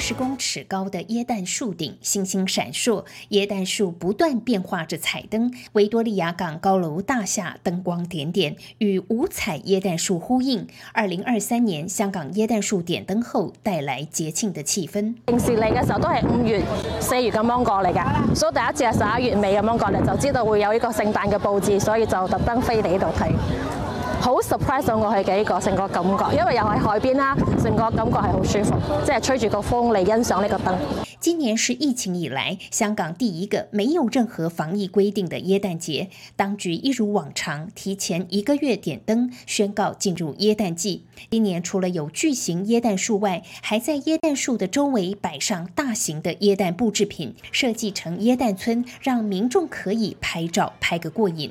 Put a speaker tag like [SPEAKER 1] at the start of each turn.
[SPEAKER 1] 十公尺高的耶誕樹頂星星閃爍，耶誕樹不斷變化着彩燈，維多利亞港高樓大廈燈光點點，與五彩耶誕樹呼應。二零二三年香港耶誕樹點燈後，帶來節慶的氣氛。平時嚟嘅時候都係五
[SPEAKER 2] 月、四月咁樣過嚟噶，了所以第一次係十一月尾咁樣過嚟，就知道會有一個聖誕嘅佈置，所以就特登飛嚟呢度睇。好 surprise 我去嘅呢個成個感覺，因為又喺海邊啦，成個感覺係好舒服，即係吹住個風嚟欣賞呢個燈。今
[SPEAKER 1] 年是疫情以來香港第一個沒有任何防疫規定的耶誕節，當局一如往常提前一個月點燈，宣告進入耶誕季。今年除了有巨型耶誕樹外，還在耶誕樹的周圍擺上大型的耶誕佈置品，設計成耶誕村，讓民眾可以拍照拍個過癮。